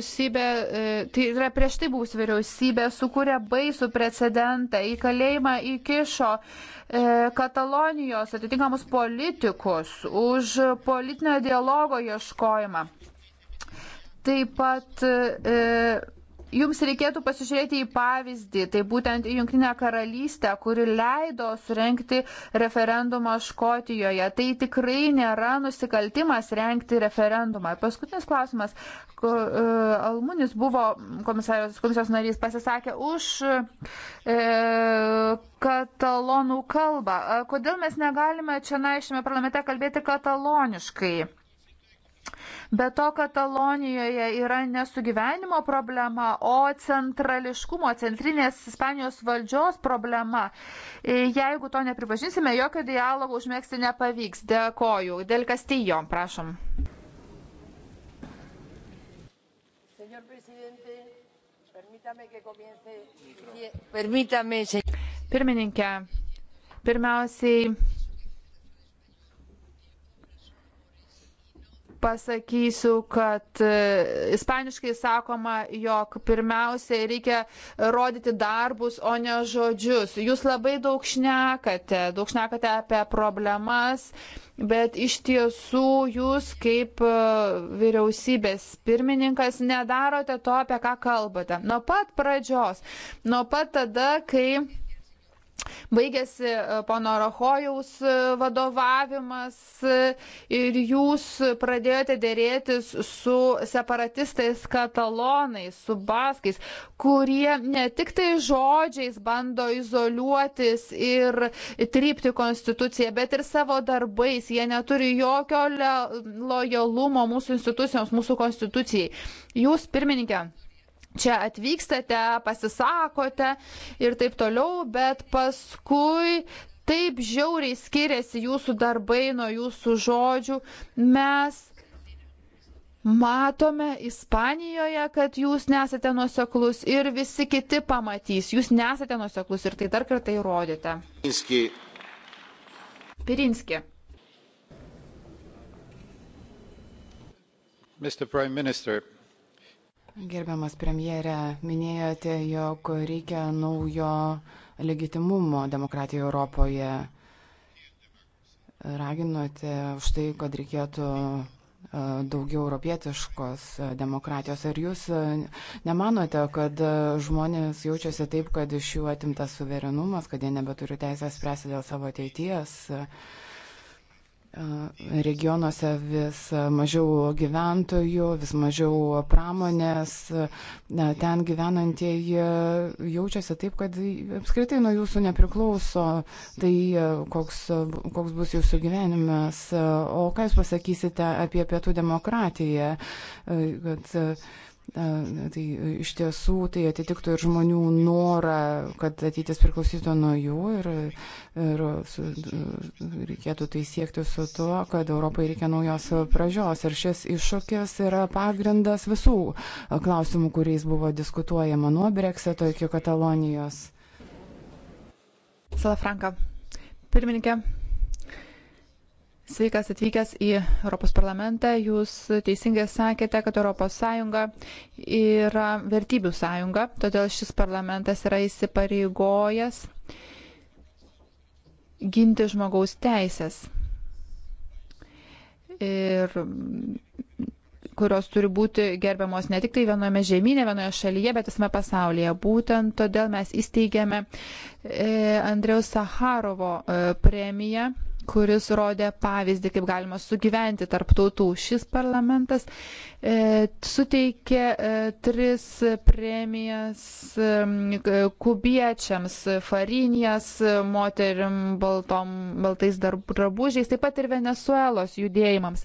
Vyriausybė, e, tai yra prieš tai buvusi vyriausybė, sukūrė baisų precedentą, į kalėjimą įkišo e, Katalonijos atitinkamus politikus už politinio dialogo ieškojimą. Taip pat e, Jums reikėtų pasižiūrėti į pavyzdį, tai būtent į Junktinę karalystę, kuri leido surenkti referendumą Škotijoje. Tai tikrai nėra nusikaltimas renkti referendumą. Paskutinis klausimas. E, Almunis buvo komisijos, komisijos narys, pasisakė už e, katalonų kalbą. Kodėl mes negalime čia, na, šiame parlamente kalbėti kataloniškai? Be to, Katalonijoje yra nesugyvenimo problema, o centrališkumo, centrinės Ispanijos valdžios problema. E, jeigu to nepripažinsime, jokio dialogo užmėgsti nepavyks. Dėkoju. Dėl Kastijo, prašom. Pirmininkė, pirmiausiai pasakysiu, kad e, ispaniškai sakoma, jog pirmiausia reikia rodyti darbus, o ne žodžius. Jūs labai daug šnekate, daug šnekate apie problemas, bet iš tiesų jūs kaip e, vyriausybės pirmininkas nedarote to, apie ką kalbate. Nuo pat pradžios, nuo pat tada, kai Baigėsi e, pono Rohojaus e, vadovavimas e, ir jūs pradėjote dėrėtis su separatistais katalonais, su baskais, kurie ne tik tai žodžiais bando izoliuotis ir trypti konstituciją, bet ir savo darbais. Jie neturi jokio lojalumo mūsų institucijoms, mūsų konstitucijai. Jūs, pirmininkė, čia atvykstate, pasisakote ir taip toliau, bet paskui taip žiauriai skiriasi jūsų darbai nuo jūsų žodžių. Mes Matome Ispanijoje, kad jūs nesate nuoseklus ir visi kiti pamatys, jūs nesate nuoseklus ir tai dar kartą įrodėte. Pirinski. Pirinski. Mr. Prime Minister, Gerbiamas premjerė, minėjote, jog reikia naujo legitimumo demokratijoje Europoje. Raginote už tai, kad reikėtų e, daugiau europietiškos e, demokratijos. Ar jūs e, nemanote, kad žmonės jaučiasi taip, kad iš jų atimtas suverenumas, kad jie nebeturi teisę spręsti dėl savo ateities? regionuose vis mažiau gyventojų, vis mažiau pramonės, ten gyvenantieji jaučiasi taip, kad apskritai nuo jūsų nepriklauso tai, koks, koks bus jūsų gyvenimas. O ką jūs pasakysite apie pietų demokratiją, kad Tai e, iš tiesų tai atitiktų ir žmonių norą, kad ateitis priklausytų nuo jų ir, ir su, e, reikėtų tai siekti su tuo, kad Europai reikia naujos pražios. Ir šis iššūkis yra pagrindas visų klausimų, kuriais buvo diskutuojama nuo Brexito iki Katalonijos. Salafranka. Pirmininkė, Sveikas atvykęs į Europos parlamentą. Jūs teisingai sakėte, kad ES yra vertybių sąjunga, todėl šis parlamentas yra įsipareigojęs ginti žmogaus teisės, ir, kurios turi būti gerbiamos ne tik tai vienoje žemynė, vienoje šalyje, bet visame pasaulyje. Būtent todėl mes įsteigėme e, Andriaus Saharovo e, premiją kuris rodė pavyzdį, kaip galima sugyventi tarp tautų. Šis parlamentas e, suteikė e, tris premijas e, kubiečiams, farinijas, moterim baltom, baltais drabužiais, taip pat ir Venezuelos judėjimams.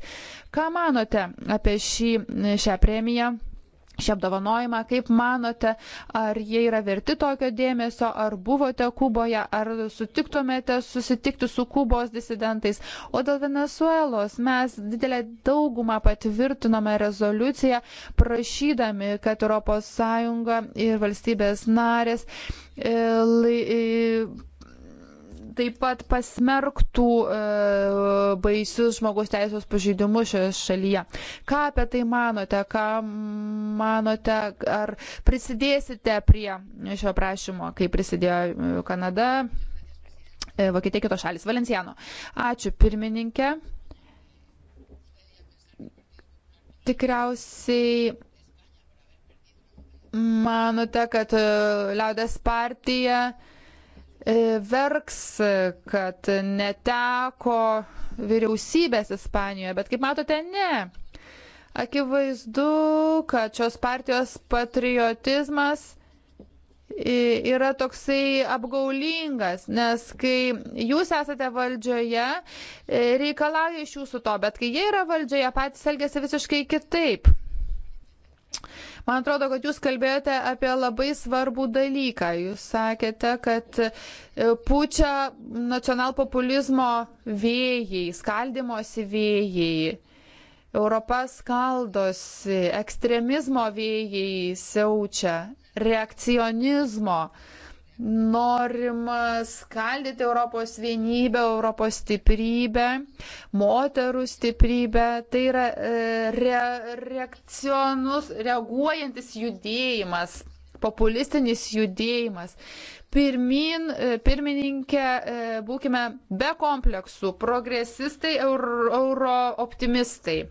Ką manote apie šį, šią premiją? šį apdovanojimą. Kaip manote, ar jie yra verti tokio dėmesio, ar buvote Kuboje, ar sutiktumėte susitikti su Kubos disidentais? O dėl Venezuelos mes didelę daugumą patvirtinome rezoliuciją, prašydami, kad ES ir valstybės narės. E, lai, e, taip pat pasmerktų e, baisius žmogaus teisės pažeidimus šioje šalyje. Ką apie tai manote, ką manote, ar prisidėsite prie šio prašymo, kai prisidėjo e, Kanada, e, Vokietija, kitos šalis, Valenciano. Ačiū pirmininkė. Tikriausiai manote, kad e, liaudės partija E, verks, kad neteko vyriausybės Ispanijoje, bet kaip matote, ne. Akivaizdu, kad šios partijos patriotizmas yra toksai apgaulingas, nes kai jūs esate valdžioje, e, reikalauja iš jūsų to, bet kai jie yra valdžioje, patys elgesi visiškai kitaip. Man atrodo, kad jūs kalbėjote apie labai svarbų dalyką. Jūs sakėte, kad e, pučia nacionalpopulizmo vėjai, skaldimosi vėjai. Europa skaldosi, ekstremizmo vėjai siaučia, reakcionizmo. Uh, norima skaldyti Europos vienybę, Europos stiprybę, moterų stiprybę. Tai yra e, re, reakcionus, reaguojantis judėjimas, populistinis judėjimas. Pirmin, e, pirmininkė, e, būkime be kompleksų, progresistai, euro, euro optimistai.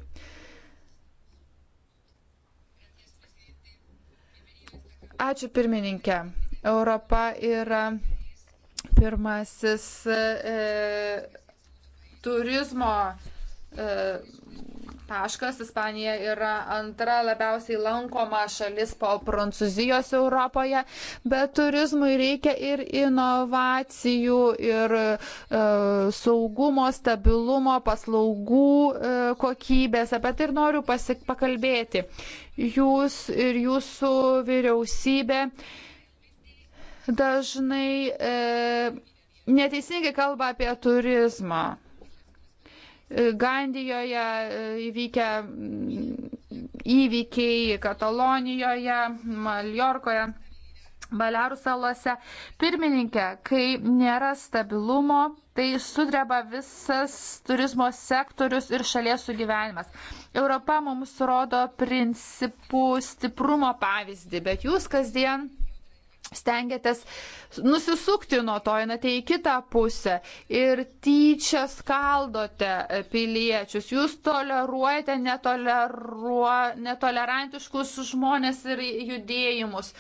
Ačiū pirmininkė. Europa yra pirmasis e, turizmo e, taškas. Ispanija yra antra labiausiai lankoma šalis po Prancūzijos Europoje, bet turizmui reikia ir inovacijų, ir e, saugumo, stabilumo, paslaugų e, kokybės. Apie tai ir noriu pasik pakalbėti. Jūs ir jūsų vyriausybė. E, dažnai e, neteisingai kalba apie turizmą. E, Gandijoje e, įvykę įvykiai Katalonijoje, Maljorkoje, Balearų salose. Pirmininkė, kai nėra stabilumo, tai sudreba visas turizmo sektorius ir šalies sugyvenimas. Europa mums rodo principų stiprumo pavyzdį, bet jūs kasdien stengiatės nusisukti nuo to, einate į kitą pusę ir tyčia skaldote piliečius, jūs toleruojate netoleruo, netolerantiškus žmonės ir judėjimus.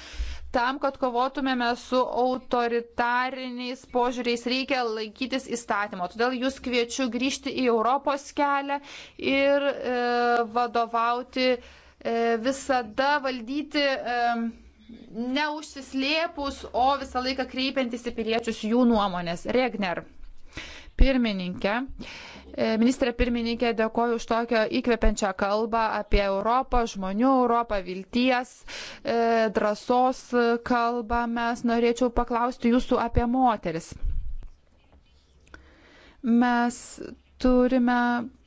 Tam, kad kovotumėme su autoritariniais požiūriais, reikia laikytis įstatymo. Todėl jūs kviečiu grįžti į Europos kelią ir e, vadovauti e, visada valdyti. E, neužsislėpus, o visą laiką kreipiantis į piliečius jų nuomonės. Regner. Pirmininkė. E, ministrė pirmininkė, dėkoju už tokią įkvepiančią kalbą apie Europą, žmonių Europą, vilties, e, drąsos kalbą. Mes norėčiau paklausti jūsų apie moteris. Mes turime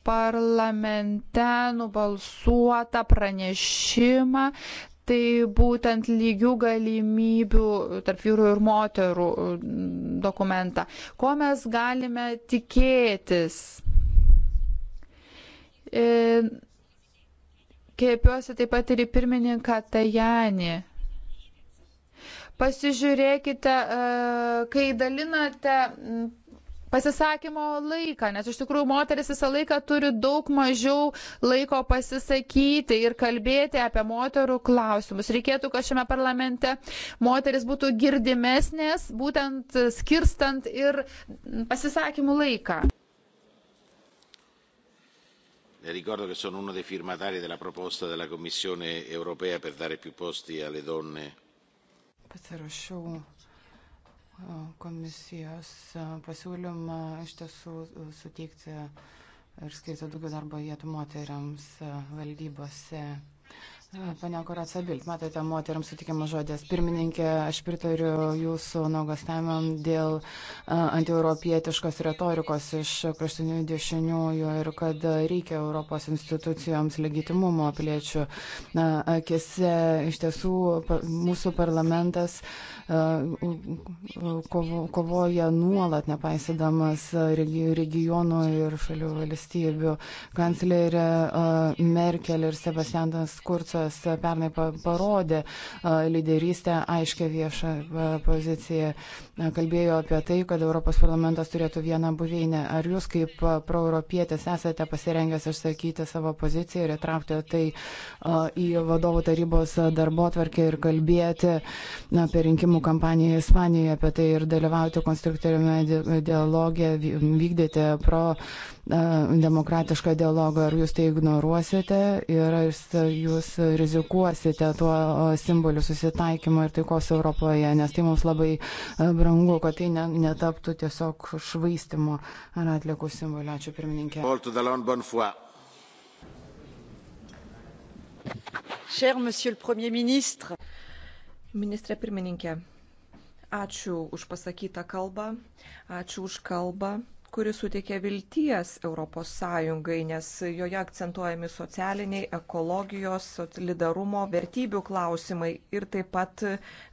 parlamente nubalsuotą pranešimą tai būtent lygių galimybių tarp vyrų ir moterų e, dokumentą. Ko mes galime tikėtis? E, kreipiuosi taip pat ir į pirmininką Tajani. Pasižiūrėkite, e, kai dalinate pasisakymo laiką, nes iš tikrųjų moteris visą laiką turi daug mažiau laiko pasisakyti ir kalbėti apie moterų klausimus. Reikėtų, kad šiame parlamente moteris būtų girdimesnės, būtent skirstant ir pasisakymų laiką. Le ricordo che sono uno dei firmatari della proposta della Commissione europea per dare più posti alle donne. Pasirašiau komisijos pasiūlymą iš tiesų suteikti ir skirti daugiau darbo vietų moteriams valdybose. Pane Koracabilt, matote, moteriams sutikimas žodės. Pirmininkė, aš pritariu jūsų nuogastamėm dėl antieuropietiškos retorikos iš kraštinių dešiniųjų ir kad reikia Europos institucijoms legitimumo piliečių akise. Iš tiesų, mūsų parlamentas kovoja nuolat, nepaisydamas regionų ir šalių valstybių. Kanclerė Merkel ir Sebastianas Kurcas Sorošas pernai parodė lyderystę, aiškę viešą poziciją. Kalbėjo apie tai, kad Europos parlamentas turėtų vieną buveinę. Ar jūs kaip proeuropietis esate pasirengęs išsakyti savo poziciją ir įtraukti tai į vadovų tarybos darbo atvarkę ir kalbėti na, apie rinkimų kampaniją Ispanijoje, apie tai ir dalyvauti konstruktoriume dialogė, vykdyti pro demokratišką dialogą, ar jūs tai ignoruosite ir ar jūs rizikuosite tuo simboliu susitaikymo ir taikos Europoje, nes tai mums labai brangu, kad tai ne, netaptų tiesiog švaistimo ar atliekų simboliu. Ačiū pirmininkė. Cher Monsieur le Premier ministre. Ministrė pirmininkė, ačiū už pasakytą kalbą, ačiū už kalbą kuris suteikia vilties ES, nes joje akcentuojami socialiniai, ekologijos, solidarumo, vertybių klausimai ir taip pat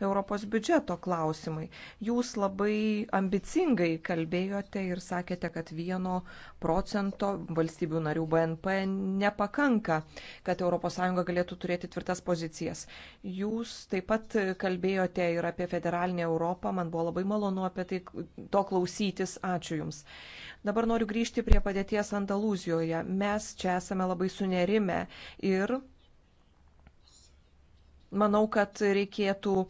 Europos biudžeto klausimai. Jūs labai ambicingai kalbėjote ir sakėte, kad vieno procento valstybių narių BNP nepakanka, kad ES galėtų turėti tvirtas pozicijas. Jūs taip pat kalbėjote ir apie federalinę Europą, man buvo labai malonu apie tai to klausytis. Ačiū Jums. Dabar noriu grįžti prie padėties Andalūzijoje. Mes čia esame labai sunerime ir manau, kad reikėtų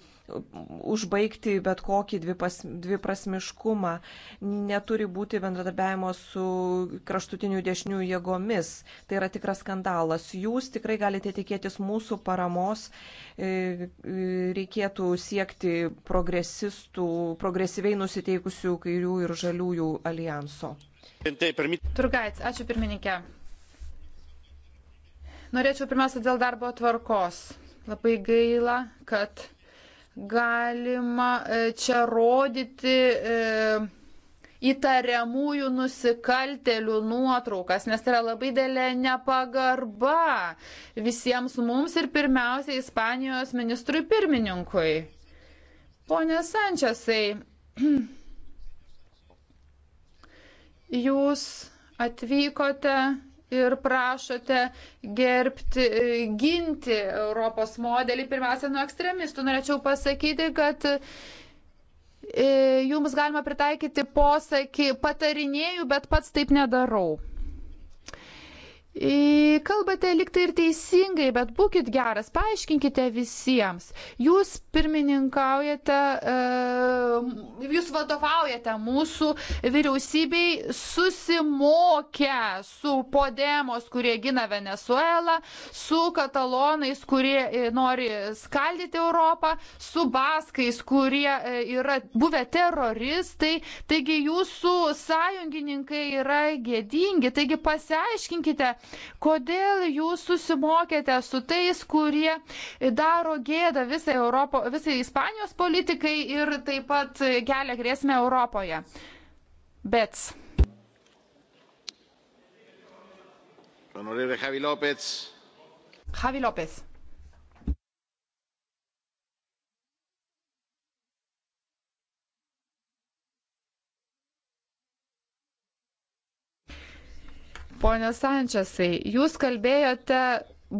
užbaigti bet kokį dvipas, dviprasmiškumą. Neturi būti bendradarbiavimo su kraštutinių dešinių jėgomis. Tai yra tikras skandalas. Jūs tikrai galite tikėtis mūsų paramos. E, e, reikėtų siekti progresistų, progresyviai nusiteikusių kairių ir žaliųjų alijanso. Turgaits, ačiū pirmininkė. Norėčiau pirmiausia dėl darbo tvarkos. Labai gaila, kad galima e, čia rodyti e, įtariamųjų nusikaltelių nuotraukas, nes tai yra labai dėlė nepagarba visiems mums ir pirmiausia Ispanijos ministrui pirmininkui. Pone Sančiasai, jūs atvykote ir prašote gerbti, ginti Europos modelį pirmiausia nuo ekstremistų. Norėčiau pasakyti, kad e, jums galima pritaikyti posakį patarinėjau, bet pats taip nedarau. Kalbate liktai ir teisingai, bet būkite geras, paaiškinkite visiems. Jūs pirmininkaujate, e, jūs vadovaujate mūsų vyriausybei susimokę su Podemos, kurie gina Venezuelą, su katalonais, kurie e, nori skaldyti Europą, su baskais, kurie e, yra buvę teroristai. Taigi jūsų sąjungininkai yra gėdingi. Taigi pasiaiškinkite, Kodėl jūs susimokėte su tais, kurie daro gėdą visai, Europo, visai Ispanijos politikai ir taip pat kelia grėsmę Europoje? Bets. Honorable Javi López. Javi López. Pone Sančiasai, jūs kalbėjote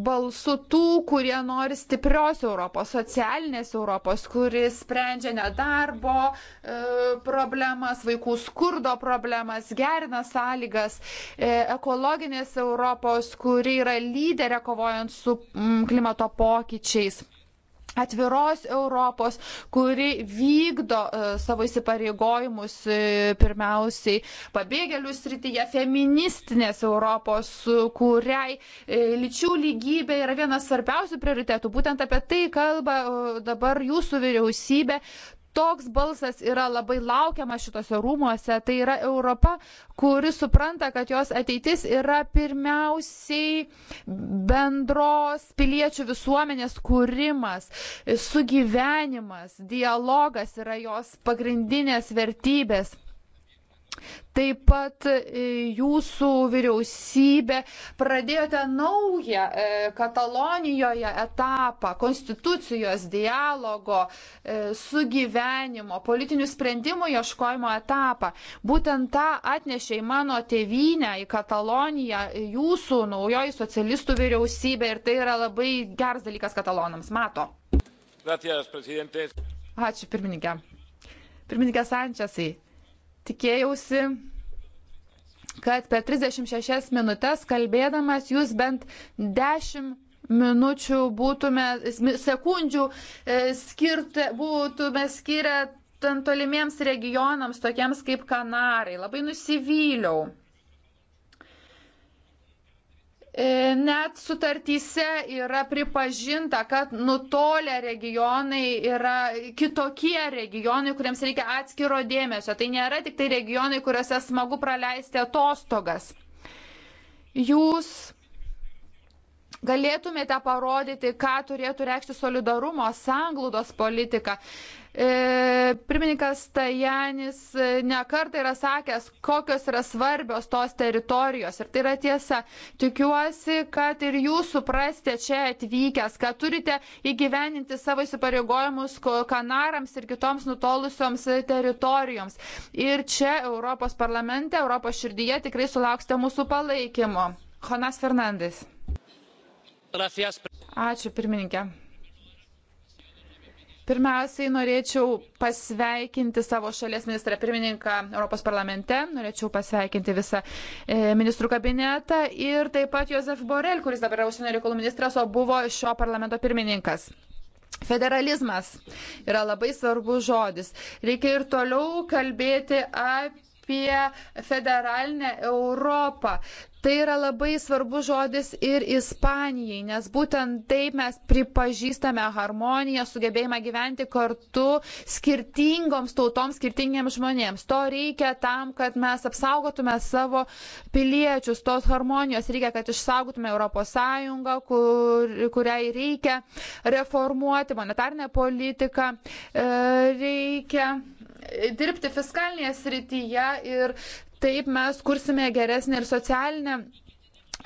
balsu tų, kurie nori stiprios Europos, socialinės Europos, kuris sprendžia nedarbo e, problemas, vaikų skurdo problemas, gerina sąlygas, e, ekologinės Europos, kuri yra lyderė kovojant su mm, klimato pokyčiais atviros Europos, kuri vykdo e, savo įsipareigojimus e, pirmiausiai pabėgėlių srityje, feministinės Europos, kuriai e, lyčių lygybė yra vienas svarbiausių prioritetų. Būtent apie tai kalba dabar jūsų vyriausybė, toks balsas yra labai laukiamas šitose rūmuose. Tai yra Europa, kuri supranta, kad jos ateitis yra pirmiausiai bendros piliečių visuomenės kūrimas, sugyvenimas, dialogas yra jos pagrindinės vertybės. Taip pat e, jūsų vyriausybė pradėjote naują e, Katalonijoje etapą konstitucijos dialogo, e, sugyvenimo, politinių sprendimų ieškojimo etapą. Būtent tą atnešė į mano tėvynę, į Kataloniją, jūsų naujoji socialistų vyriausybė ir tai yra labai geras dalykas katalonams. Mato. Gracias, Ačiū, pirmininkė. Pirmininkė Sančiasai, tikėjausi, kad per 36 minutės kalbėdamas jūs bent 10 minučių būtume, sekundžių e, skirti, būtume skirę tolimiems regionams, tokiems kaip Kanarai. Labai nusivyliau. E, net sutartyse yra pripažinta, kad nutolę regionai yra kitokie regionai, kuriems reikia atskiro dėmesio. Tai nėra tik tai regionai, kuriuose smagu praleisti atostogas. Jūs galėtumėte parodyti, ką turėtų reikšti solidarumo, sanglūdos politika. E, pirmininkas Tajanis e, nekartą yra sakęs, kokios yra svarbios tos teritorijos. Ir tai yra tiesa. Tikiuosi, kad ir jūs suprastė čia atvykęs, kad turite įgyveninti savo įsipareigojimus Kanarams ir kitoms nutolusioms teritorijoms. Ir čia Europos parlamente, Europos širdyje tikrai sulauksite mūsų palaikymo. Jonas Fernandes. Ačiū pirmininkė. Pirmiausiai norėčiau pasveikinti savo šalies ministrą pirmininką Europos parlamente, norėčiau pasveikinti visą e, ministrų kabinetą ir taip pat Josef Borel, kuris dabar yra užsienio reikalų ministras, o buvo šio parlamento pirmininkas. Federalizmas yra labai svarbus žodis. Reikia ir toliau kalbėti apie apie federalinę Europą. Tai yra labai svarbus žodis ir Ispanijai, nes būtent taip mes pripažįstame harmoniją, sugebėjimą gyventi kartu skirtingoms tautoms, skirtingiems žmonėms. To reikia tam, kad mes apsaugotume savo piliečius, tos harmonijos reikia, kad išsaugotume Europos Sąjungą, kur, kuriai reikia reformuoti monetarinę politiką, e, reikia dirbti fiskalinėje srityje ir Taip mes kursime geresnį ir socialinę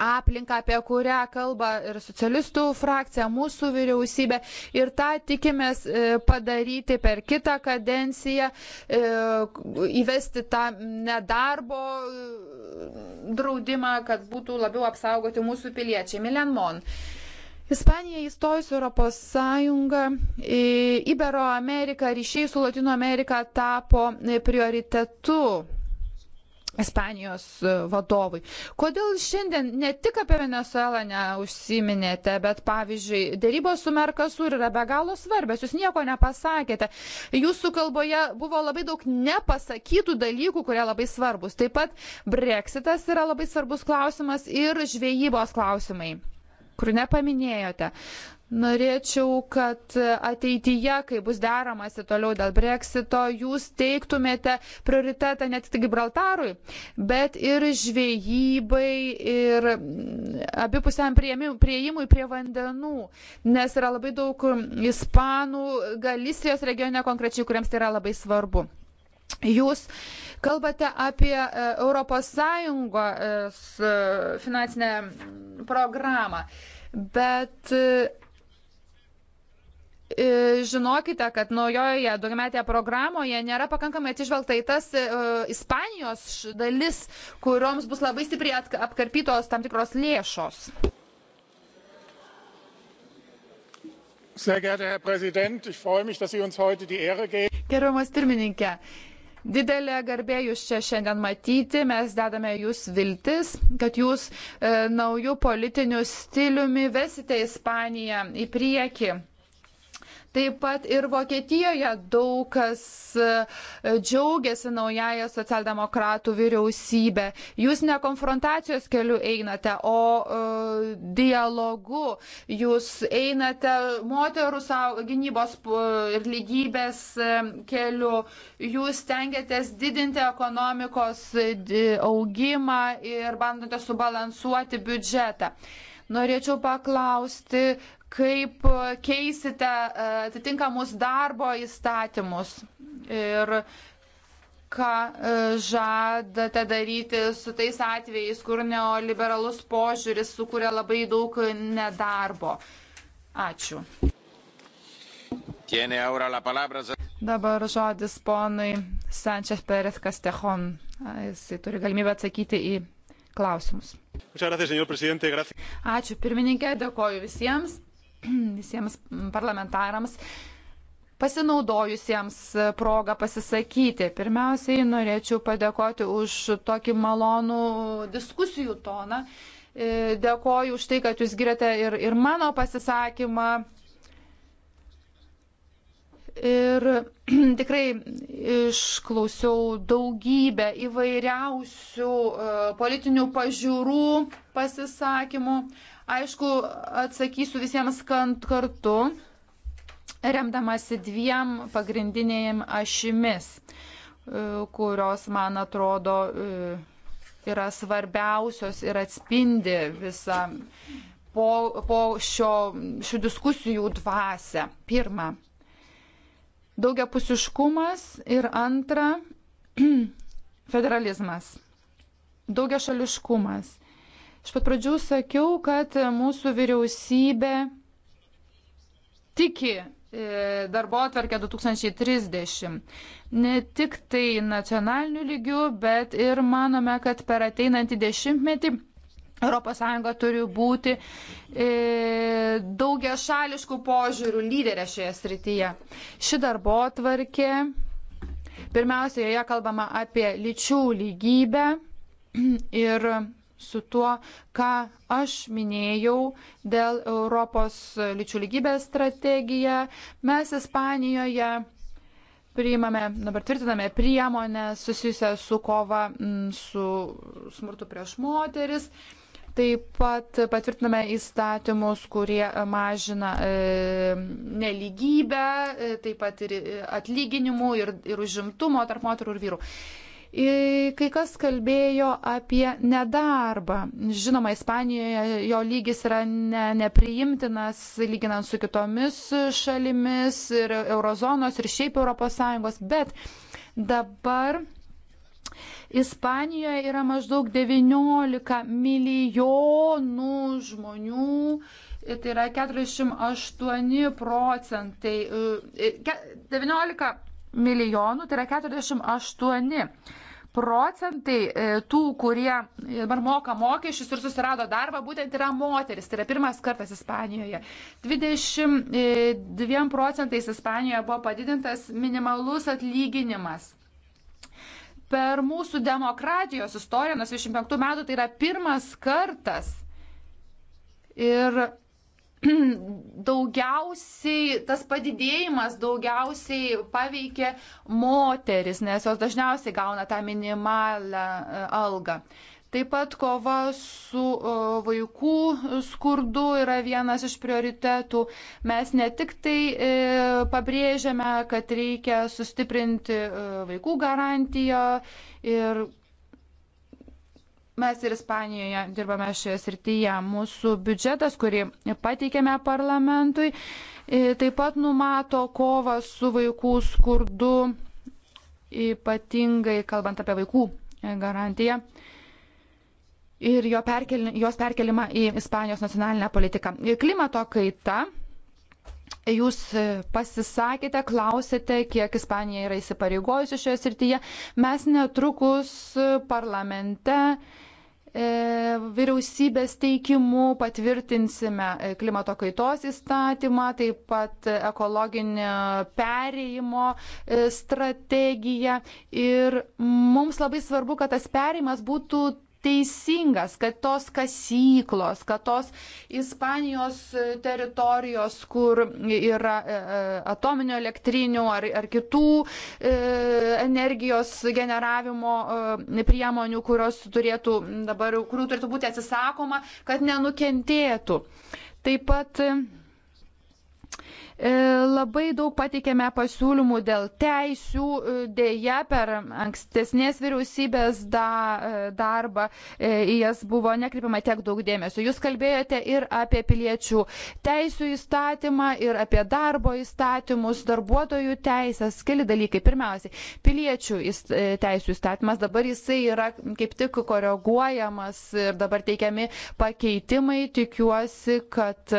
aplinką, apie kurią kalba ir socialistų frakcija, mūsų vyriausybė. Ir tą tikimės e, padaryti per kitą kadenciją, e, įvesti tą nedarbo e, draudimą, kad būtų labiau apsaugoti mūsų piliečiai. Milen Mon. Ispanija įstojus Europos Sąjungą, Ibero Amerika ryšiai su Latino Amerika tapo prioritetu Ispanijos e, vadovui. Kodėl šiandien ne tik apie Venezuelą neužsiminėte, bet pavyzdžiui, dėrybos su Merkasur yra be galo svarbios, jūs nieko nepasakėte. Jūsų kalboje buvo labai daug nepasakytų dalykų, kurie labai svarbus. Taip pat Brexitas yra labai svarbus klausimas ir žvejybos klausimai kurių nepaminėjote. Norėčiau, kad ateityje, kai bus deramasi toliau dėl breksito, jūs teiktumėte prioritetą ne tik Gibraltarui, bet ir žvejybai ir abipusiam prieimui prie vandenų, nes yra labai daug ispanų, Galisijos regione konkrečiai, kuriems tai yra labai svarbu. Jūs kalbate apie ES e, finansinę programą, bet e, E, žinokite, kad naujoje daugiametėje programoje nėra pakankamai atsižvelgta į tas e, Ispanijos dalis, kurioms bus labai stipriai apkarpytos tam tikros lėšos. Sehr geehrter Herr Präsident, ich freue mich, dass Sie uns heute die Ehre geben. Gerbiamas pirmininkė, didelė garbė Jūs čia šiandien matyti, mes dedame Jūs viltis, kad Jūs e, naujų politinių stiliumi vesite Ispaniją į priekį. Taip pat ir Vokietijoje daug kas e, džiaugiasi naująją socialdemokratų vyriausybę. Jūs ne konfrontacijos keliu einate, o e, dialogu. Jūs einate moterų gynybos e, ir lygybės e, keliu. Jūs tengiatės didinti ekonomikos augimą ir bandote subalansuoti biudžetą. Norėčiau paklausti, kaip keisite e, atitinkamus darbo įstatymus ir ką e, žadate daryti su tais atvejais, kur neoliberalus požiūris sukuria labai daug nedarbo. Ačiū. Dabar žodis ponui Sančias Perez Castejón. Jisai turi galimybę atsakyti į klausimus. Ačiū pirmininkė, dėkoju visiems. visiems parlamentarams pasinaudojusiems progą pasisakyti. Pirmiausiai norėčiau padėkoti už tokį malonų diskusijų toną. E, dėkoju už tai, kad jūs girėte ir, ir mano pasisakymą. Ir tikrai išklausiau daugybę įvairiausių e, politinių pažiūrų pasisakymų. Aišku, atsakysiu visiems kartu, remdamasi dviem pagrindinėjim ašimis, e, kurios, man atrodo, e, yra svarbiausios ir atspindi visą po, po šio, šių diskusijų dvasę. Pirma, daugiapusiškumas ir antra, federalizmas, daugiašališkumas. Iš pat pradžių sakiau, kad mūsų vyriausybė tiki e, darbo atverkę 2030. Ne tik tai nacionaliniu lygiu, bet ir manome, kad per ateinantį dešimtmetį ES turi būti e, daugia šališkų požiūrių lyderė šioje srityje. Ši darbo atvarkė, pirmiausia, joje kalbama apie lyčių lygybę ir su tuo, ką aš minėjau dėl Europos lyčių lygybės strategiją. Mes Ispanijoje priimame, dabar tvirtiname priemonę susijusią su kova su smurtu prieš moteris. Taip pat patvirtiname įstatymus, kurie mažina e, neligybę, e, taip pat ir e, atlyginimų, ir, ir užimtumo tarp moterų ir vyrų. E, Kai kas kalbėjo apie nedarbą. Žinoma, Ispanijoje jo lygis yra ne, nepriimtinas, lyginant su kitomis šalimis ir eurozonos ir šiaip ES, bet dabar Ispanijoje yra maždaug 19 milijonų žmonių tai yra 48 procentai, 19 e, milijonų, tai yra 48 procentai e, tų, kurie dabar moka mokesčius ir susirado darbą, būtent yra moteris. Tai yra pirmas kartas Ispanijoje. 22 e, procentais Ispanijoje buvo padidintas minimalus atlyginimas per mūsų demokratijos istoriją nuo 25 metų tai yra pirmas kartas. Ir daugiausiai, tas padidėjimas daugiausiai paveikia moteris, nes jos dažniausiai gauna tą minimalę e, algą. Taip pat kova su e, vaikų skurdu yra vienas iš prioritetų. Mes ne tik tai e, pabrėžiame, kad reikia sustiprinti vaikų garantiją ir Mes ir Ispanijoje dirbame šioje srityje. Mūsų biudžetas, kurį pateikėme parlamentui, taip pat numato kovą su vaikų skurdu, ypatingai kalbant apie vaikų garantiją ir jo perkel, jos perkelimą į Ispanijos nacionalinę politiką. Klimato kaita. Jūs pasisakėte, klausėte, kiek Ispanija yra įsipareigojusi šioje srityje. Mes netrukus parlamente E, vyriausybės teikimu patvirtinsime e, klimato kaitos įstatymą, taip pat ekologinio pereimo e, strategiją. Ir mums labai svarbu, kad tas pereimas būtų teisingas, kad tos kasyklos, kad tos Ispanijos teritorijos, kur yra e, e, atominio elektrinių ar, ar kitų e, energijos generavimo priemonių, kurios turėtų dabar, kurių turėtų būti atsisakoma, kad nenukentėtų. Taip pat E, labai daug patikėme pasiūlymų dėl teisių, e, dėja per ankstesnės vyriausybės da, e, darbą į jas buvo nekreipiama tiek daug dėmesio. Jūs kalbėjote ir apie piliečių teisų įstatymą, ir apie darbo įstatymus, darbuotojų teisės, keli dalykai. Pirmiausiai, piliečių teisų įstatymas dabar jisai yra kaip tik koreguojamas ir dabar teikiami pakeitimai. Tikiuosi, kad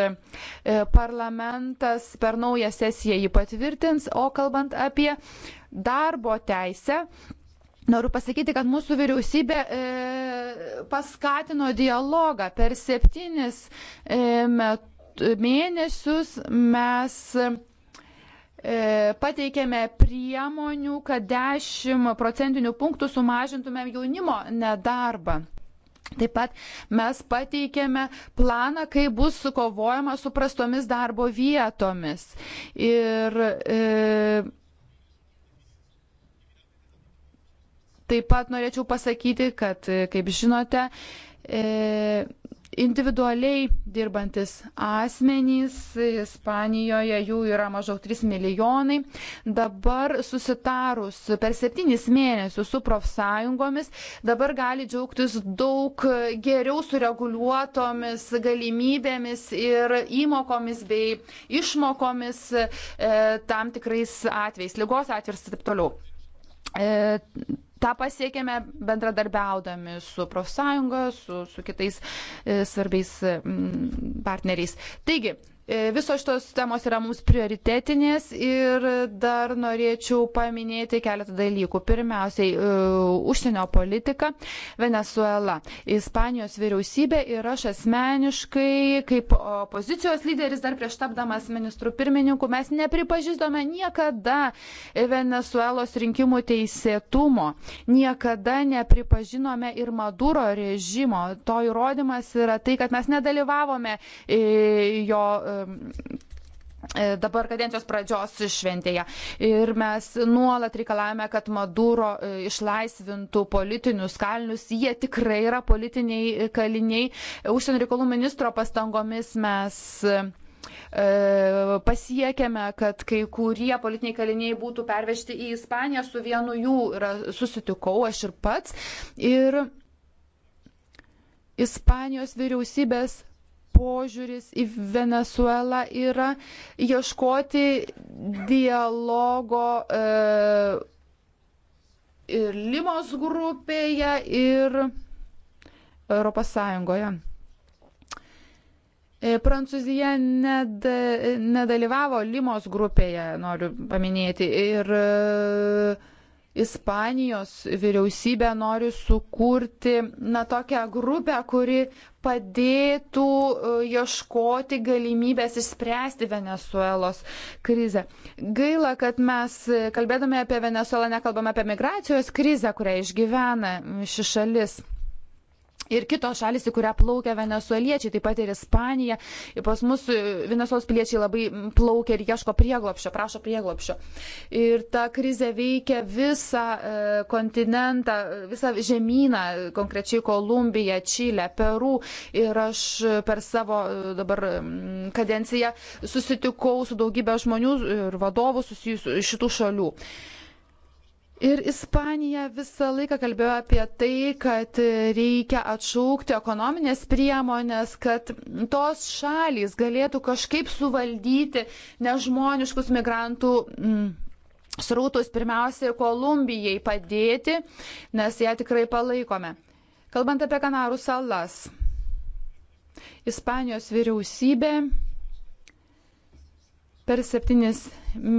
parlamentas per per naują sesiją jį patvirtins. O kalbant apie darbo teisę, Noriu pasakyti, kad mūsų vyriausybė e, paskatino dialogą. Per septynis e, met, mėnesius mes e, pateikėme priemonių, kad 10 procentinių punktų sumažintumėm jaunimo nedarbą. Taip pat mes pateikėme planą, kaip bus sukovojama su prastomis darbo vietomis. Ir e, taip pat norėčiau pasakyti, kad, e, kaip žinote, e, Individualiai dirbantis asmenys, Ispanijoje jų yra maždaug 3 milijonai. Dabar susitarus per 7 mėnesius su profsąjungomis, dabar gali džiaugtis daug geriau sureguliuotomis galimybėmis ir įmokomis bei išmokomis e, tam tikrais atvejais, lygos atvejais ir taip toliau. E, tą pasiekėme bendradarbiaudami su profsąjunga, su, su kitais e, svarbiais partneriais. Taigi, E, visos šitos temos yra mums prioritetinės ir dar norėčiau paminėti keletą dalykų. Pirmiausiai, e, užsienio politika Venezuela. Ispanijos vyriausybė ir aš asmeniškai, kaip opozicijos lyderis dar prieš tapdamas ministrų pirmininku, mes nepripažįstame niekada Venezuelos rinkimų teisėtumo. Niekada nepripažinome ir Maduro režimo. To įrodymas yra tai, kad mes nedalyvavome e, jo Um, e, dabar kadencijos pradžios šventėje. Ir mes nuolat reikalavome, kad Maduro e, išlaisvintų politinius kalinius. Jie tikrai yra politiniai kaliniai. Užsienio reikalų ministro pastangomis mes e, pasiekėme, kad kai kurie politiniai kaliniai būtų pervežti į Ispaniją, su vienu jų susitikau aš ir pats. Ir Ispanijos vyriausybės požiūris į Venezuelą yra ieškoti dialogo e, ir Limos grupėje ir Europos Sąjungoje. E, Prancūzija ned, nedalyvavo Limos grupėje, noriu paminėti, ir e, Ispanijos vyriausybė nori sukurti na, tokią grupę, kuri padėtų e, ieškoti galimybės išspręsti Venezuelos krizę. Gaila, kad mes e, kalbėdami apie Venezuelą nekalbame apie migracijos krizę, kurią išgyvena ši šalis ir kitos šalis, į kurią plaukia venezueliečiai, taip pat ir Ispanija. Ir pas mus e, Venezuelos piliečiai labai plaukia ir ieško prieglopščio, prašo prieglopščio. Ir ta krize veikia visą e, kontinentą, visą žemyną, konkrečiai Kolumbiją, Čilę, Peru. Ir aš per savo e, dabar kadenciją susitikau su daugybė žmonių ir vadovų susijusių iš šitų šalių. Uh, Ir Ispanija visą laiką kalbėjo apie tai, kad reikia atšaukti ekonominės priemonės, kad tos šalys galėtų kažkaip suvaldyti nežmoniškus migrantų. Mm, Srautus pirmiausiai Kolumbijai padėti, nes ją tikrai palaikome. Kalbant apie Kanarų salas, Ispanijos vyriausybė per septynis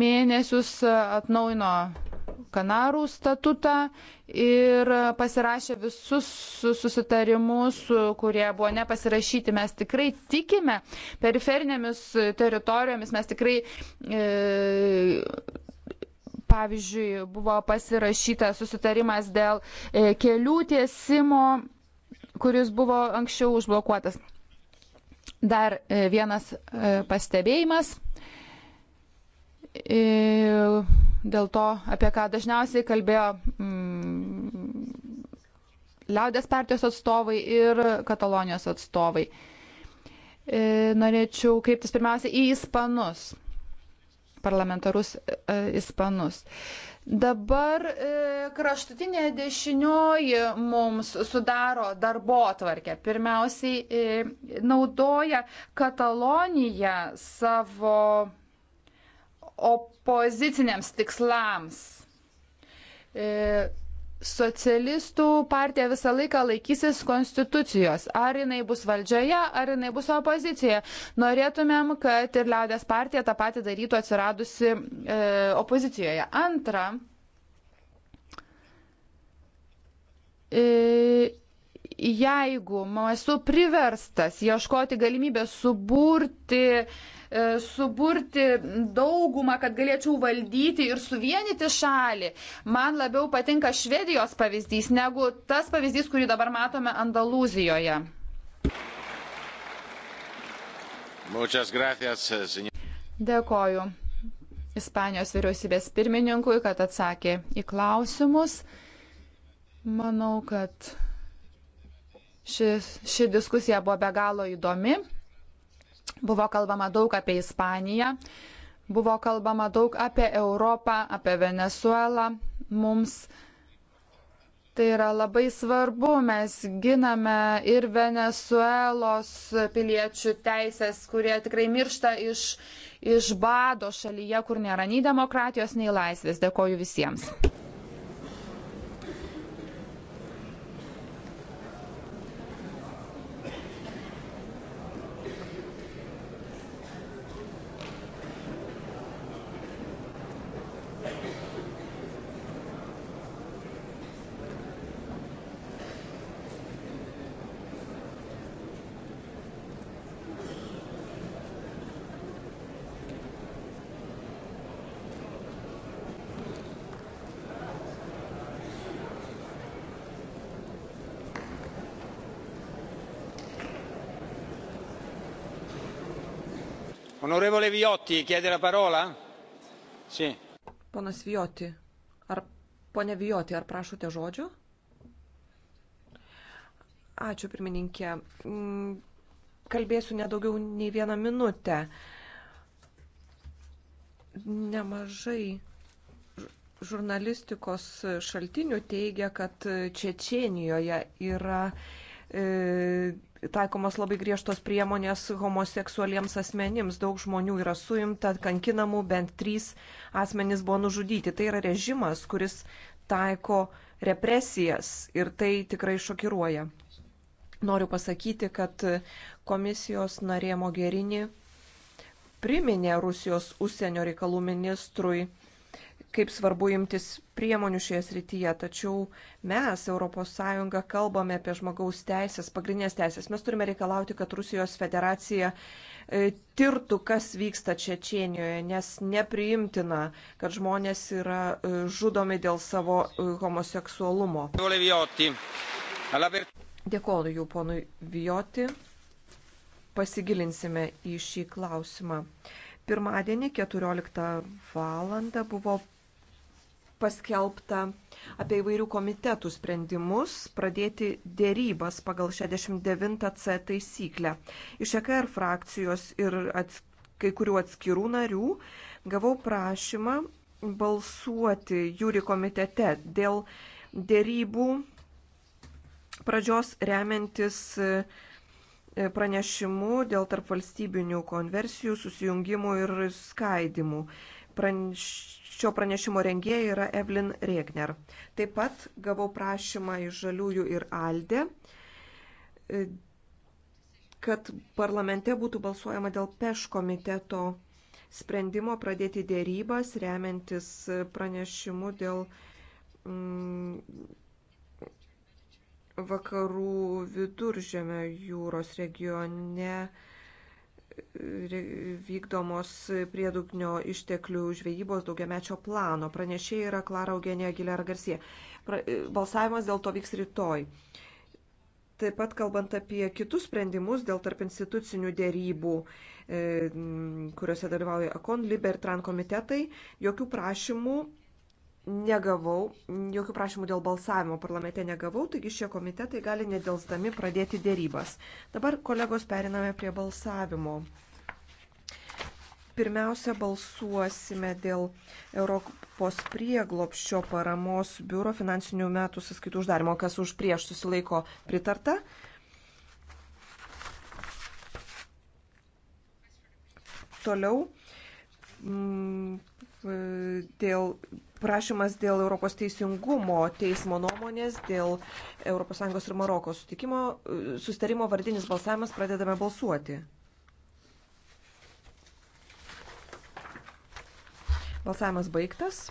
mėnesius atnaujino Kanarų statutą ir pasirašė visus susitarimus, kurie buvo nepasirašyti. Mes tikrai tikime periferinėmis teritorijomis, mes tikrai. E, Pavyzdžiui, buvo pasirašytas susitarimas dėl e, kelių tiesimo, kuris buvo anksčiau užblokuotas. Dar e, vienas e, pastebėjimas dėl to, apie ką dažniausiai kalbėjo mm, liaudės partijos atstovai ir Katalonijos atstovai. E, norėčiau kreiptis pirmiausia į ispanus, parlamentarus e, ispanus. Dabar e, kraštutinė dešinioji mums sudaro darbo atvarkę. Pirmiausiai naudoja Kataloniją savo opoziciniams tikslams. E, socialistų partija visą laiką laikysis konstitucijos. Ar jinai bus valdžioje, ar jinai bus opozicijoje. Norėtumėm, kad ir liaudės partija tą patį darytų atsiradusi e, opozicijoje. Antra. E, jeigu esu priverstas ieškoti galimybės suburti e, E, suburti daugumą, kad galėčiau valdyti ir suvienyti šalį. Man labiau patinka Švedijos pavyzdys negu tas pavyzdys, kurį dabar matome Andalūzijoje. Eh, Dėkoju Ispanijos vyriausybės pirmininkui, kad atsakė į klausimus. Manau, kad ši, ši diskusija buvo be galo įdomi. Buvo kalbama daug apie Ispaniją, buvo kalbama daug apie Europą, apie Venezuelą. Mums Tai yra labai svarbu, mes giname ir Venezuelos piliečių teisės, kurie tikrai miršta iš, iš bado šalyje, kur nėra nei demokratijos, nei laisvės. Dėkoju visiems. Onorevole Viotti, chiede la parola? Sì. Si. Ponas Viotti, ar, ponė Viotti, ar prašote žodžio? Ačiū, pirmininkė. Mm, kalbėsiu nedaugiau nei vieną minutę. Nemažai žurnalistikos šaltinių teigia, kad Čečienijoje yra E, taikomos labai griežtos priemonės homoseksualiems asmenims. Daug žmonių yra suimta, kankinamų, bent trys asmenys buvo nužudyti. Tai yra režimas, kuris taiko represijas ir tai tikrai šokiruoja. Noriu pasakyti, kad komisijos narė Mogerini priminė Rusijos užsienio reikalų ministrui kaip svarbu imtis priemonių šioje srityje, tačiau mes, ES, kalbame apie žmogaus teisės, pagrindinės teisės. Mes turime reikalauti, kad Rusijos federacija e, tirtų, kas vyksta Čečienijoje, nes nepriimtina, kad žmonės yra e, žudomi dėl savo e, homoseksualumo. Dėkoju ponui Vijoti. Pasigilinsime į šį klausimą. Pirmadienį 14 val. buvo paskelbta apie įvairių komitetų sprendimus pradėti dėrybas pagal 69C taisyklę. Iš EKR frakcijos ir ats, kai kurių atskirų narių gavau prašymą balsuoti jūri komitete dėl dėrybų pradžios remiantis e, pranešimu dėl tarpvalstybinių konversijų, susijungimų ir skaidimų. Praneš Šio pranešimo rengėja yra Evelyn Regner. Taip pat gavau prašymą iš Žaliųjų ir Aldė, e, kad parlamente būtų balsuojama dėl peš komiteto sprendimo pradėti dėrybas, remiantis pranešimu dėl mm, vakarų viduržėmio jūros regione vykdomos priedugnio išteklių žvejybos daugiamečio plano. Pranešėja yra Klara Eugenija Gilera Garcia. E, balsavimas dėl to vyks rytoj. Taip pat kalbant apie kitus sprendimus dėl tarp institucinių dėrybų, e, kuriuose dalyvauja Akon, Libertran komitetai, jokių prašymų negavau, jokių prašymų dėl balsavimo parlamente negavau, taigi šie komitetai gali nedėlstami pradėti dėrybas. Dabar, kolegos, periname prie balsavimo. Pirmiausia, balsuosime dėl Europos prieglopščio paramos biuro finansinių metų sąskaitų uždarimo, kas už prieš susilaiko pritarta. Toliau mm, dėl prašymas dėl Europos teisingumo teismo nuomonės, dėl ES ir Maroko sustarimo vardinis balsavimas pradedame balsuoti. Balsavimas baigtas.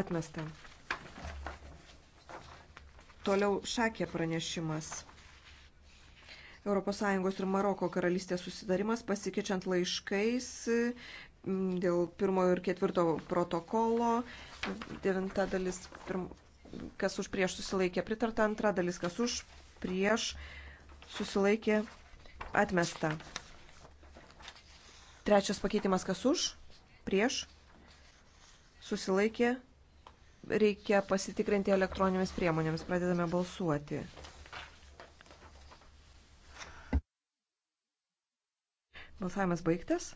Atmesta. Toliau šakė pranešimas. ES ir Maroko karalystės susidarimas pasikeičiant laiškais dėl pirmojo ir ketvirto protokolo. Devinta dalis, pirm, kas už prieš susilaikė pritarta, antra dalis, kas už prieš susilaikė atmesta. Trečias pakeitimas, kas už prieš susilaikė atmesta reikia pasitikrinti elektroninėmis priemonėmis. Pradedame balsuoti. Balsavimas baigtas.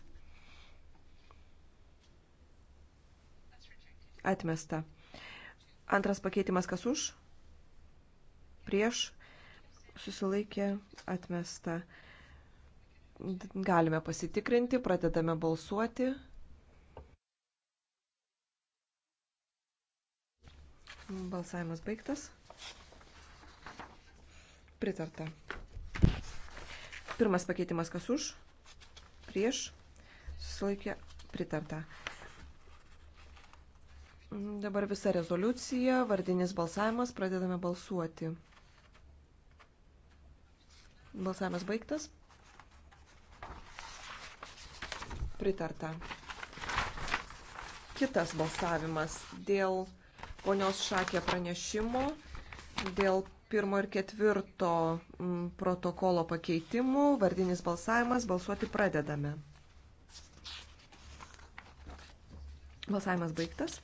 Atmesta. Antras pakeitimas kas už? Prieš. Susilaikė. Atmesta. Galime pasitikrinti. Pradedame balsuoti. Balsuoti. Balsavimas baigtas. Pritarta. Pirmas pakeitimas kas už, prieš, susilaikė, pritarta. Dabar visa rezoliucija, vardinis balsavimas, pradedame balsuoti. Balsavimas baigtas. Pritarta. Kitas balsavimas dėl ponios Šakė pranešimo dėl pirmo ir ketvirto mm, protokolo pakeitimų. Vardinis balsavimas. Balsuoti pradedame. Balsavimas baigtas.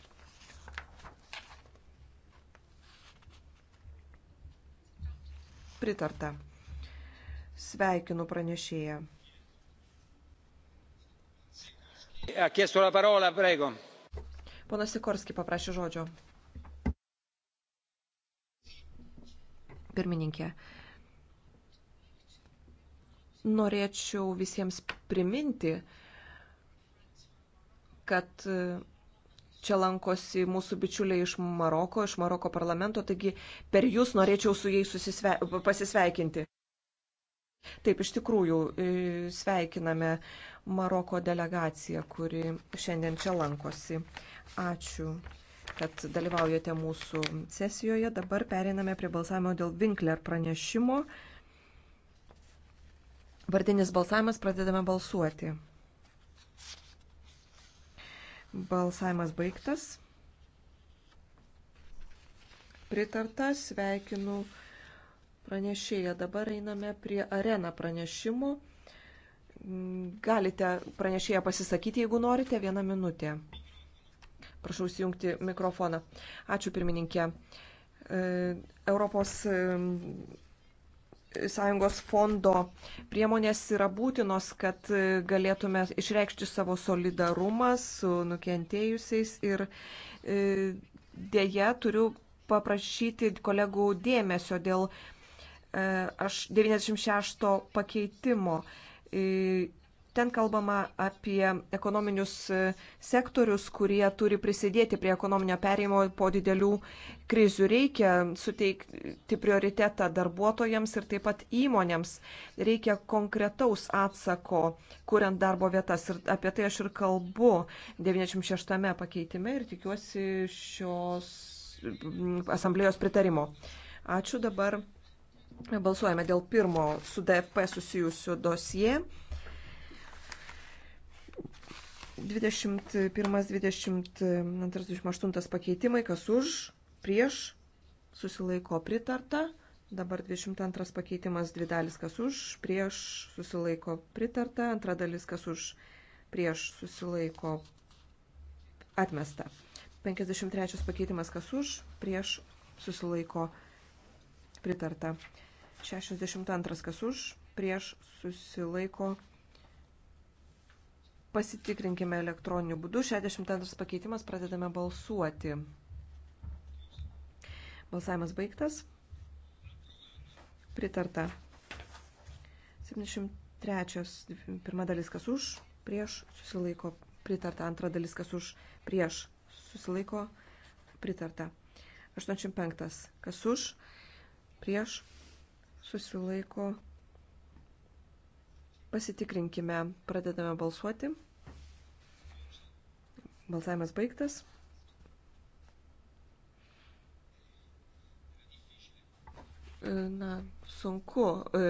Pritarta. Sveikinu pranešėją. Ponas Sikorski paprašė žodžio. pirmininkė. Norėčiau visiems priminti, kad čia lankosi mūsų bičiuliai iš Maroko, iš Maroko parlamento, taigi per jūs norėčiau su jais susisve... pasisveikinti. Taip, iš tikrųjų, e, sveikiname Maroko delegaciją, kuri šiandien čia lankosi. Ačiū kad dalyvaujate mūsų sesijoje. Dabar periname prie balsavimo dėl Winkler pranešimo. Vardinis balsavimas pradedame balsuoti. Balsavimas baigtas. Pritarta, sveikinu pranešėją. Dabar einame prie arena pranešimų. Galite pranešėją pasisakyti, jeigu norite, vieną minutę. Prašau įsijungti mikrofoną. Ačiū pirmininkė. E, Europos e, Sąjungos fondo priemonės yra būtinos, kad e, galėtume išreikšti savo solidarumą su nukentėjusiais ir dėja turiu paprašyti kolegų dėmesio dėl 96 pakeitimo Ten kalbama apie ekonominius e, sektorius, kurie turi prisidėti prie ekonominio perėjimo po didelių krizių. Reikia suteikti prioritetą darbuotojams ir taip pat įmonėms. Reikia konkretaus atsako, kuriant darbo vietas. Ir apie tai aš ir kalbu 96 pakeitime ir tikiuosi šios asamblėjos pritarimo. Ačiū dabar. Balsuojame dėl pirmo su DFP susijusiu dosie. 21, 22, 28 pakeitimai, kas už, prieš, susilaiko pritarta. Dabar 22 pakeitimas, dvi dalis, kas už, prieš, susilaiko pritarta. Antra dalis, kas už, prieš, susilaiko atmesta. 53 pakeitimas, kas už, prieš, susilaiko pritarta. 62 kas už, prieš, susilaiko pritarta. Pasitikrinkime elektroniniu būdu. 62 pakeitimas pradedame balsuoti. Balsavimas baigtas. Pritarta. 73. Pirma dalis kas už, prieš, susilaiko. Pritarta. Antra dalis kas už, prieš, susilaiko. Pritarta. 85. Kas už, prieš, susilaiko. Pasitikrinkime, pradedame balsuoti. Balsavimas baigtas. E, na, sunku e,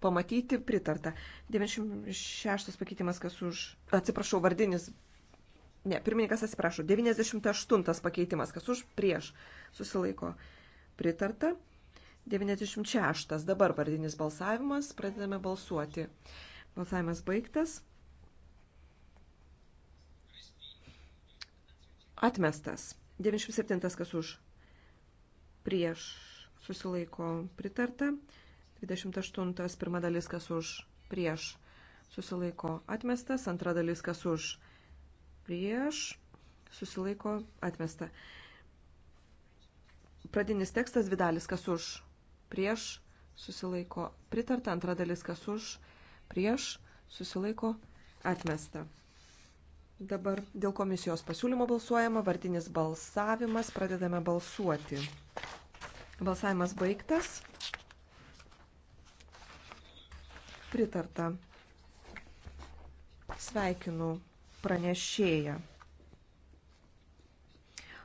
pamatyti pritarta. 96 pakeitimas, kas už. Atsiprašau, vardinis. Ne, pirmininkas atsiprašo. 98 pakeitimas, kas už prieš susilaiko pritarta. 96 dabar vardinis balsavimas, pradedame balsuoti. Balsavimas baigtas. Atmestas. 97 kas už prieš susilaiko pritarta. 28 pirma dalis kas už prieš susilaiko atmestas. Antra dalis kas už prieš susilaiko atmesta. Pradinis tekstas dvi dalis kas už prieš susilaiko pritarta. Antra dalis kas už prieš prieš, susilaiko, atmesta. Dabar dėl komisijos pasiūlymo balsuojama, vardinis balsavimas, pradedame balsuoti. Balsavimas baigtas. Pritarta. Sveikinu pranešėją.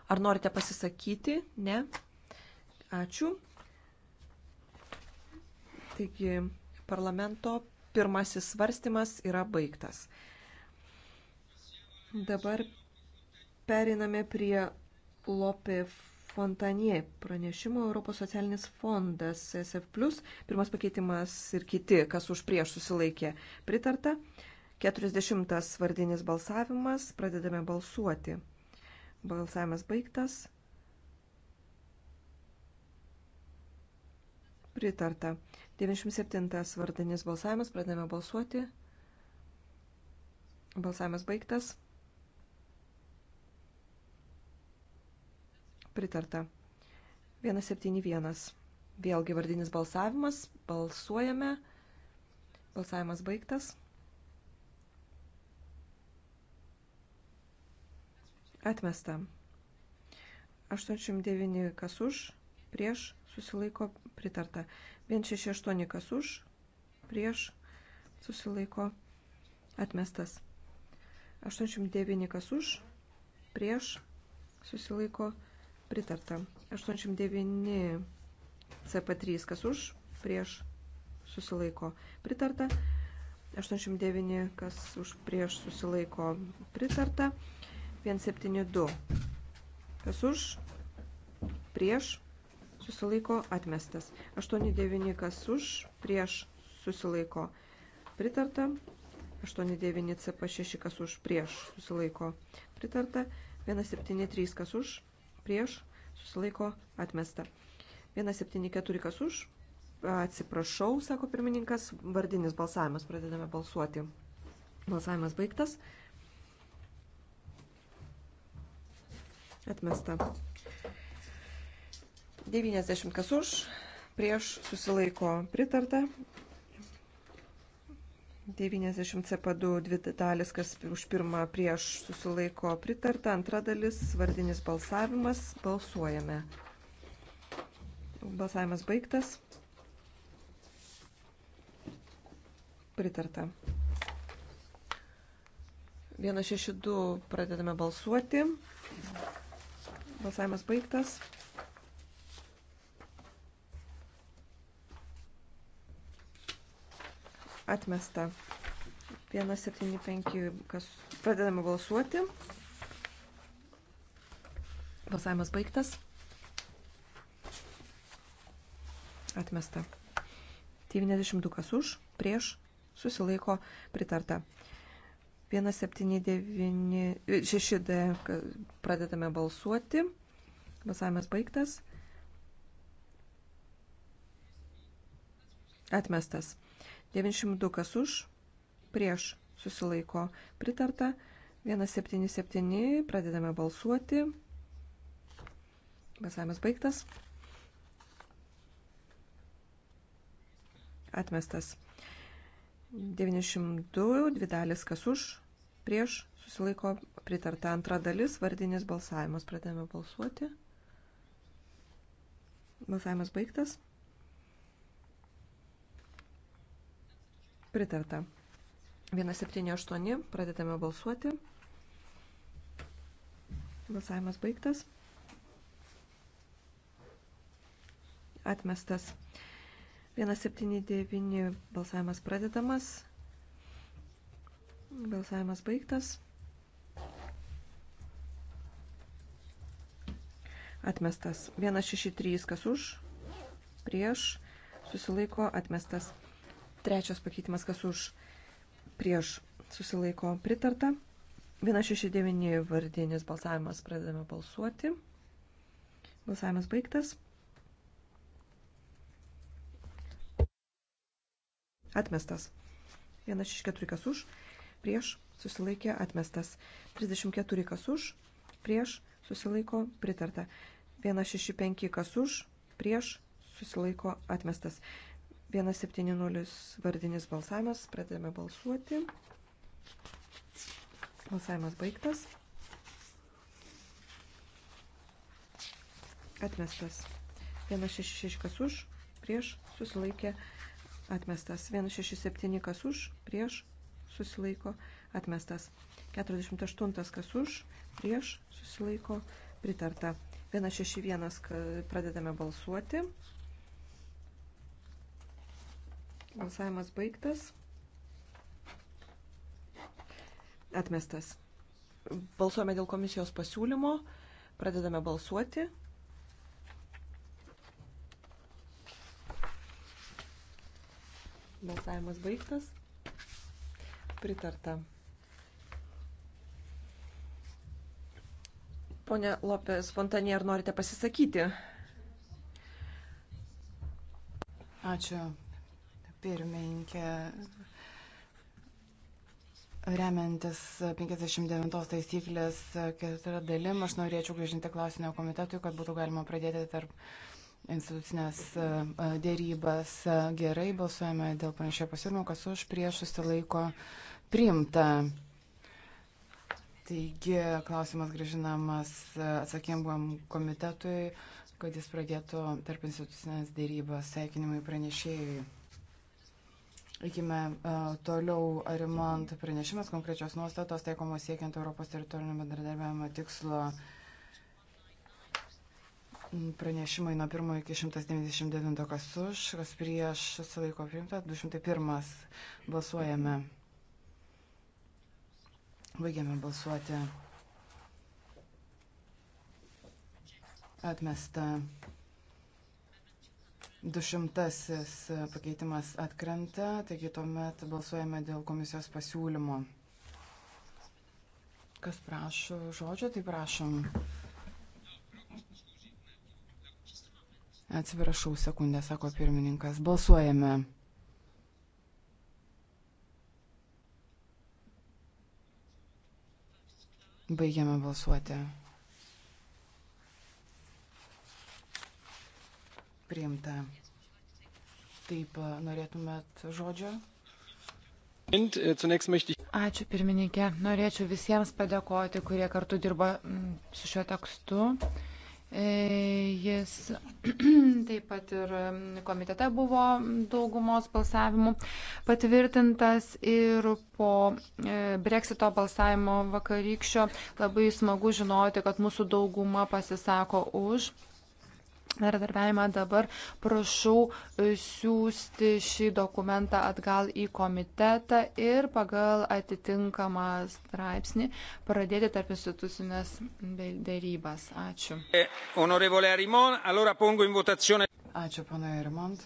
Ar norite pasisakyti? Ne. Ačiū. Taigi, parlamento Pirmasis svarstymas yra baigtas. Dabar periname prie Lopė Fontanie pranešimo Europos socialinis fondas SF. Pirmas pakeitimas ir kiti, kas už prieš susilaikė, pritarta. 40 vardinis balsavimas. Pradedame balsuoti. Balsavimas baigtas. Pritarta. 97 vardinis balsavimas. Pradame balsuoti. Balsavimas baigtas. Pritarta. 171. Vėlgi vardinis balsavimas. Balsuojame. Balsavimas baigtas. Atmesta. 89 kas už, prieš, susilaiko pritarta. 168 kas už, prieš, susilaiko, atmestas. 89 kas už, prieš, susilaiko, pritarta. 89 CP3 kas už, prieš, susilaiko, pritarta. 89 kas už, prieš, susilaiko, pritarta. 172 kas už, prieš, susilaiko atmestas. 8-9 kas už, prieš susilaiko pritarta. 8-9 CP6 kas už, prieš susilaiko pritarta. 1-7-3 kas už, prieš susilaiko atmesta. 1-7-4 kas už, atsiprašau, sako pirmininkas, vardinis balsavimas, pradedame balsuoti. Balsavimas baigtas. Atmesta. 90 kas už, prieš susilaiko pritarta. 90 CP2 dvi dalis, kas už pirmą prieš susilaiko pritarta, antra dalis, vardinis balsavimas, balsuojame. Balsavimas baigtas. Pritarta. 162 pradedame balsuoti. Balsavimas baigtas. Atmesta. 175, kas pradedame balsuoti. Balsavimas baigtas. Atmesta. 92 kas už, prieš, susilaiko, pritarta. 1796D pradedame balsuoti. Balsavimas baigtas. Atmestas. 92 kas už, prieš susilaiko pritarta. 177 pradedame balsuoti. Balsavimas baigtas. Atmestas. 92, dvi dalis kas už, prieš susilaiko pritarta antra dalis, vardinis balsavimas. Pradėjome balsuoti. Balsavimas baigtas. Pritarta. 178. Pradedame balsuoti. Balsavimas baigtas. Atmestas. 179 balsavimas pradedamas. Balsavimas baigtas. Atmestas. 163 kas už. Prieš. Susilaiko atmestas. Trečias pakeitimas, kas už prieš susilaiko pritarta. 169 vardinis balsavimas pradedame balsuoti. Balsavimas baigtas. Atmestas. 164 kas už, prieš susilaikė atmestas. 34 kas už, prieš susilaiko pritarta. 165 kas už, prieš susilaiko atmestas. 170 vardinis balsavimas, pradėjome balsuoti. Balsavimas baigtas. Atmestas. 166 kas už, prieš, susilaikė, atmestas. 167 kas už, prieš, susilaiko, atmestas. 48 kas už, prieš, susilaiko, pritarta. 161 pradedame balsuoti. Balsavimas baigtas. Atmestas. Balsuojame dėl komisijos pasiūlymo. Pradedame balsuoti. Balsavimas baigtas. Pritarta. Pone Lopės Fontanė, ar norite pasisakyti? Ačiū, pirmininkė. Remiantis 59 taisyklės ketvirtą dalim, aš norėčiau grįžinti klausinio komitetui, kad būtų galima pradėti tarp institucinės e, dėrybas. Gerai, balsuojame dėl panašio pasiūlymo, kas už prieš susilaiko priimta. Taigi, klausimas grįžinamas e, atsakingam komitetui, kad jis pradėtų tarp institucinės dėrybas. Sveikinimai pranešėjui. Eikime e, toliau, Arimant pranešimas konkrečios nuostatos taikomos siekiant Europos teritorinio bendradarbiavimo tikslo pranešimai nuo 1 iki 199, kas už, kas prieš, susilaiko priimta, 201 balsuojame. Baigiame balsuoti. Atmesta. Dušimtasis e, pakeitimas atkrenta, taigi tuomet balsuojame dėl komisijos pasiūlymo. Kas prašo žodžio, tai prašom. Atsiprašau, sekundę, sako pirmininkas. Balsuojame. Baigiame balsuoti. priimta. Taip, norėtumėt žodžio? Äh, Ačiū pirmininkė. Norėčiau visiems padėkoti, kurie kartu dirba mm, su šiuo tekstu. E, jis taip pat ir mm, komitete buvo daugumos balsavimų patvirtintas ir po e, breksito balsavimo vakarykščio labai smagu žinoti, kad mūsų dauguma pasisako už bendradarbiavimą dabar prašau e, siūsti šį dokumentą atgal į komitetą ir pagal atitinkamą straipsnį pradėti tarp institucinės dėrybas. Ačiū. E, Ačiū, pana Rimont.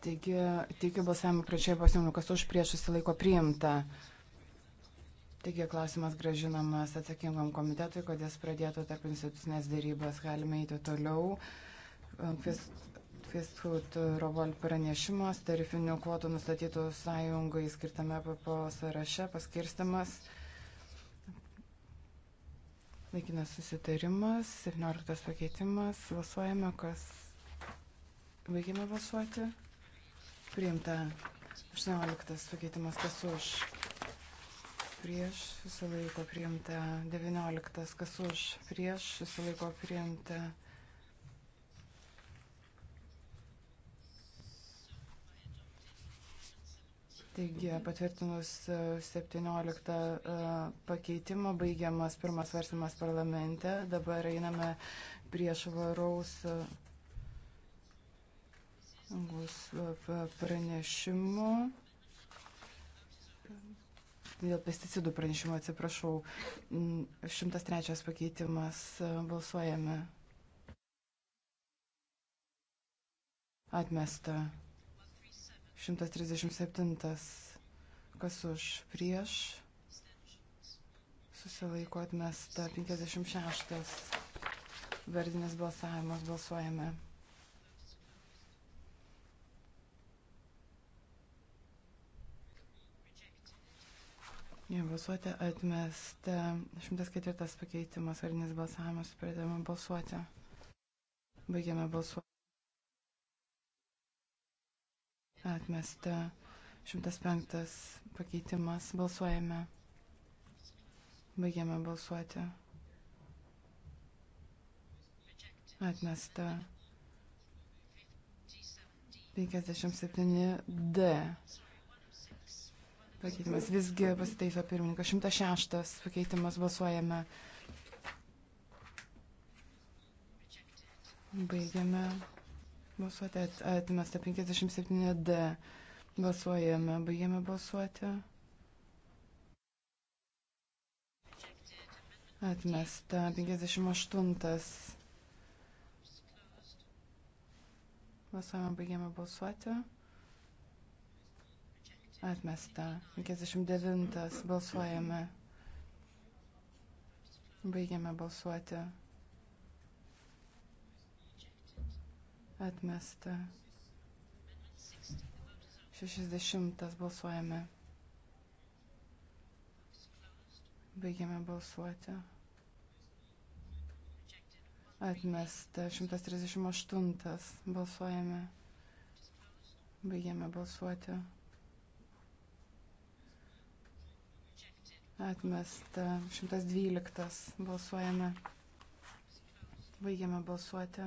Taigi, tikiu balsavimo pradžioje pasiūlymų, kas už prieš susilaiko priimta. Taigi klausimas gražinamas atsakingam komitetui, kad jis pradėtų tarp institucinės dėrybas. Galime eiti toliau. Fistfood Rovol pranešimas, tarifinių kvotų nustatytų sąjungai skirtame PPO sąraše paskirstimas. Laikinas susitarimas, 17 pakeitimas, balsuojame, kas. Baigime balsuoti. Priimta 18 pakeitimas, kas už prieš susilaiko priimta. 19. Kas už prieš susilaiko priimta. Taigi, patvirtinus 17 e, e, pakeitimą, baigiamas pirmas svarstymas parlamente, dabar einame prie švaraus e, pranešimų dėl pesticidų pranešimo atsiprašau. 103 mm, pakeitimas e, balsuojame. Atmesta. 137. Kas už? Prieš. Susilaiko atmesta. 56. Vardinės balsavimas balsuojame. Balsuoti atmesta. 104 pakeitimas, varinis balsavimas, pradėjome balsuoti. Baigėme balsuoti. Atmesta. 105 pakeitimas, balsuojame. Baigėme balsuoti. Atmesta. 57D pakeitimas. Visgi pasitaiso pirmininkas. 106 pakeitimas balsuojame. Baigiame balsuoti. Atmesta 57D. Balsuojame. Baigiame balsuoti. Atmesta 58. Balsuojame. Baigiame balsuoti. Atmesta. 59. Balsuojame. Baigiame balsuoti. Atmesta. 60. Balsuojame. Baigiame balsuoti. Atmesta. 138. Balsuojame. Baigiame balsuoti. Atmesta 112. Balsuojame. Baigiame balsuoti.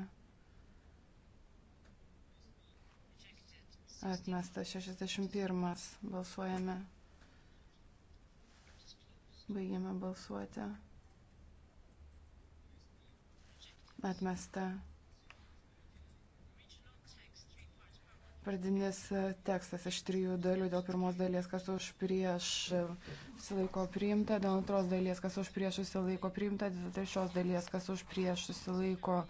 Atmesta 61. Balsuojame. Baigiame balsuoti. Atmesta Pradinis e, tekstas iš trijų dalių. Dėl pirmos dalies, kas už prieš e, susilaiko priimta, dėl antros dalies, kas už prieš susilaiko priimta, dėl trečios dalies, kas už prieš susilaiko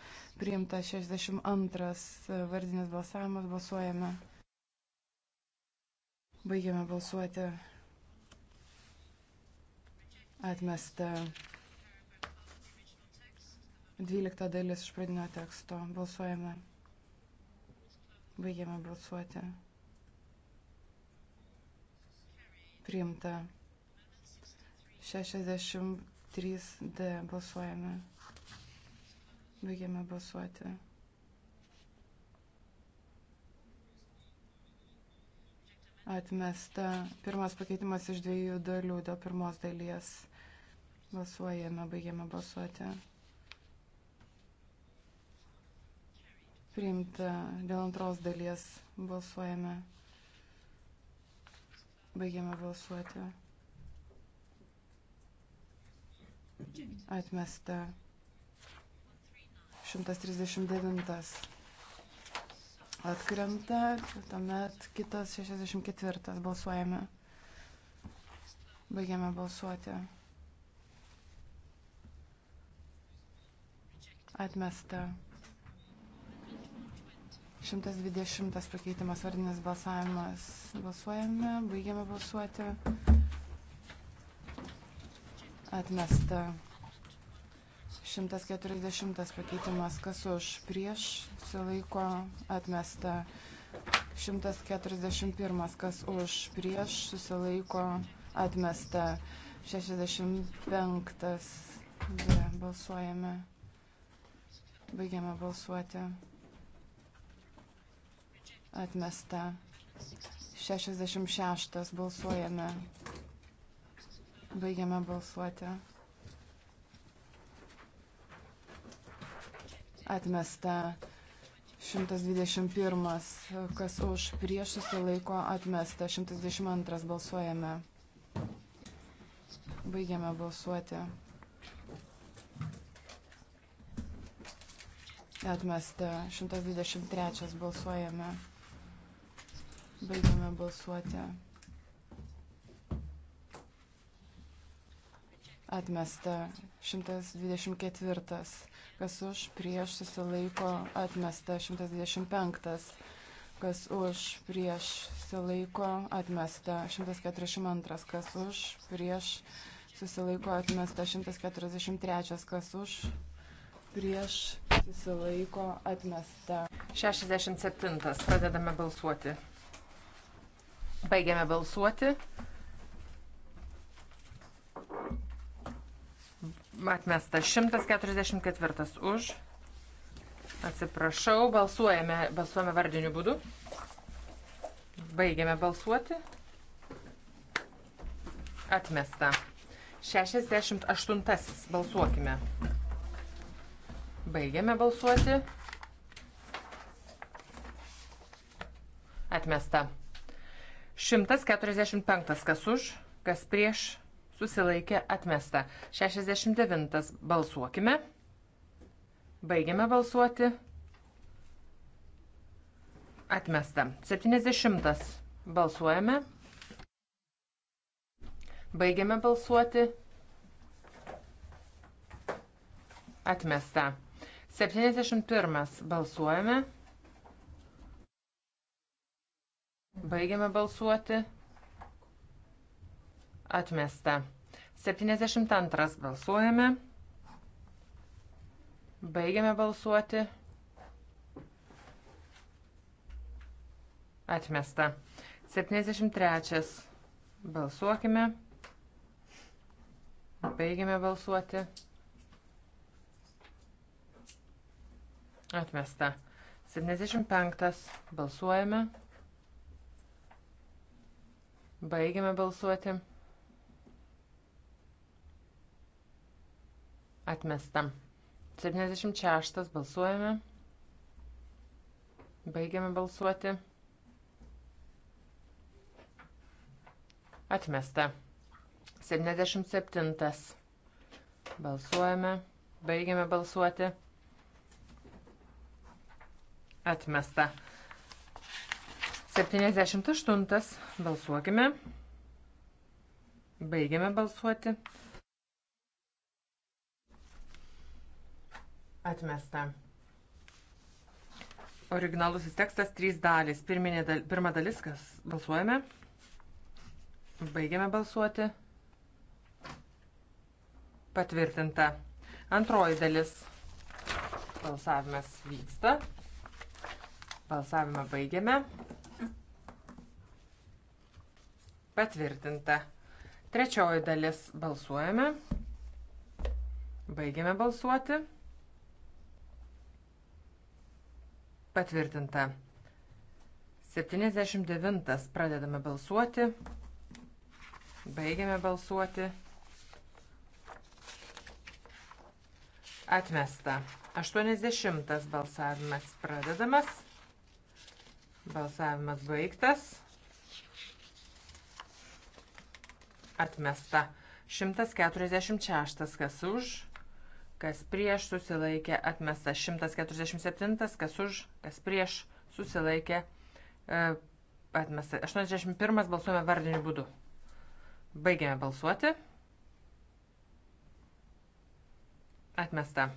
priimta, 62 e, vardinis balsavimas balsuojame. Baigiame balsuoti. Atmesta 12 dalis iš pradinio teksto. Balsuojame. Baigiame balsuoti. Priimta. 63D balsuojame. Baigiame balsuoti. Atmesta. Pirmas pakeitimas iš dviejų dalių. Dėl pirmos dalies balsuojame, baigiame balsuoti. Priimta dėl antros dalies balsuojame. Baigiame balsuoti. Atmesta. 139 atkrenta, tuomet kitas 64 balsuojame. Baigiame balsuoti. Atmesta. 120 pakeitimas vardinis balsavimas. Balsuojame, baigiame balsuoti. Atmesta. 140 pakeitimas, kas už prieš, silaiko atmesta. 141, kas už prieš, susilaiko atmesta. 65, be, balsuojame. Baigiame balsuoti atmesta. 66 balsuojame. Baigiame balsuoti. Atmesta. 121. Kas už prieš susilaiko atmesta. 122 balsuojame. Baigiame balsuoti. Atmesta. 123 balsuojame. Baigiame balsuoti. Atmesta 124. Kas už prieš susilaiko atmesta 125. Kas už prieš susilaiko atmesta 142. Kas už prieš susilaiko atmesta 143. Kas už prieš susilaiko atmesta. 67. Pradedame balsuoti. Baigiame balsuoti. Atmesta 144 už. Atsiprašau, balsuojame, balsuojame vardiniu būdu. Baigiame balsuoti. Atmesta. 68. Balsuokime. Baigiame balsuoti. Atmesta. 145. Kas už, kas prieš, susilaikė atmesta. 69. Balsuokime. Baigiame balsuoti. Atmesta. 70. Balsuojame. Baigiame balsuoti. Atmesta. 71. Balsuojame. Baigiame balsuoti. Atmesta. 72 balsuojame. Baigiame balsuoti. Atmesta. 73. Balsuokime. Baigiame balsuoti. Atmesta. 75. Balsuojame. Baigiame balsuoti. Atmesta. 76 balsuojame. Baigiame balsuoti. Atmesta. 77. Balsuojame. Baigiame balsuoti. Atmesta. 78. Balsuokime. Baigiame balsuoti. Atmesta. Originalusis tekstas - trys dalys. Pirminė dal, pirma dalis, kas balsuojame. Baigiame balsuoti. Patvirtinta. Antroji dalis. Balsavimas vyksta. Balsavimą baigiame. Patvirtinta. Trečioji dalis balsuojame. Baigiame balsuoti. Patvirtinta. 79. Pradedame balsuoti. Baigiame balsuoti. Atmesta. 80. Balsavimas pradedamas. Balsavimas baigtas. atmesta. 146 kas už, kas prieš susilaikė atmesta. 147 e, kas už, kas prieš susilaikė atmesta. 81 balsuojame vardiniu būdu. Baigiame balsuoti. Atmesta.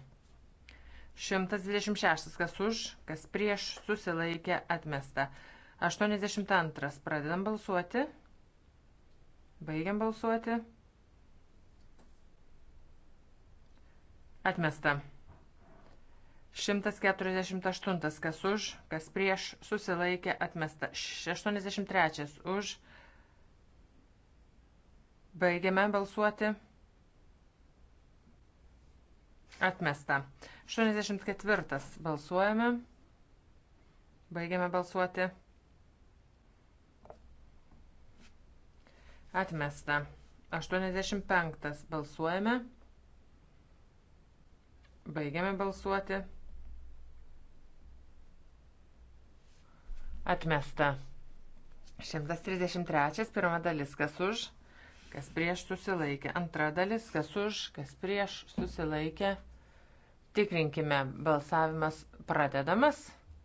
126 kas už, kas prieš susilaikė atmesta. 82 pradedam balsuoti. Baigiam balsuoti. Atmesta. 148 kas už, kas prieš, susilaikė, atmesta. 83 už. Baigiame balsuoti. Atmesta. 84 balsuojame. Baigiame balsuoti. Atmesta. 85. Balsuojame. Baigiame balsuoti. Atmesta. 133. Pirma dalis. Kas už? Kas prieš susilaikė? Antra dalis. Kas už? Kas prieš susilaikė? Tikrinkime. Balsavimas pradedamas.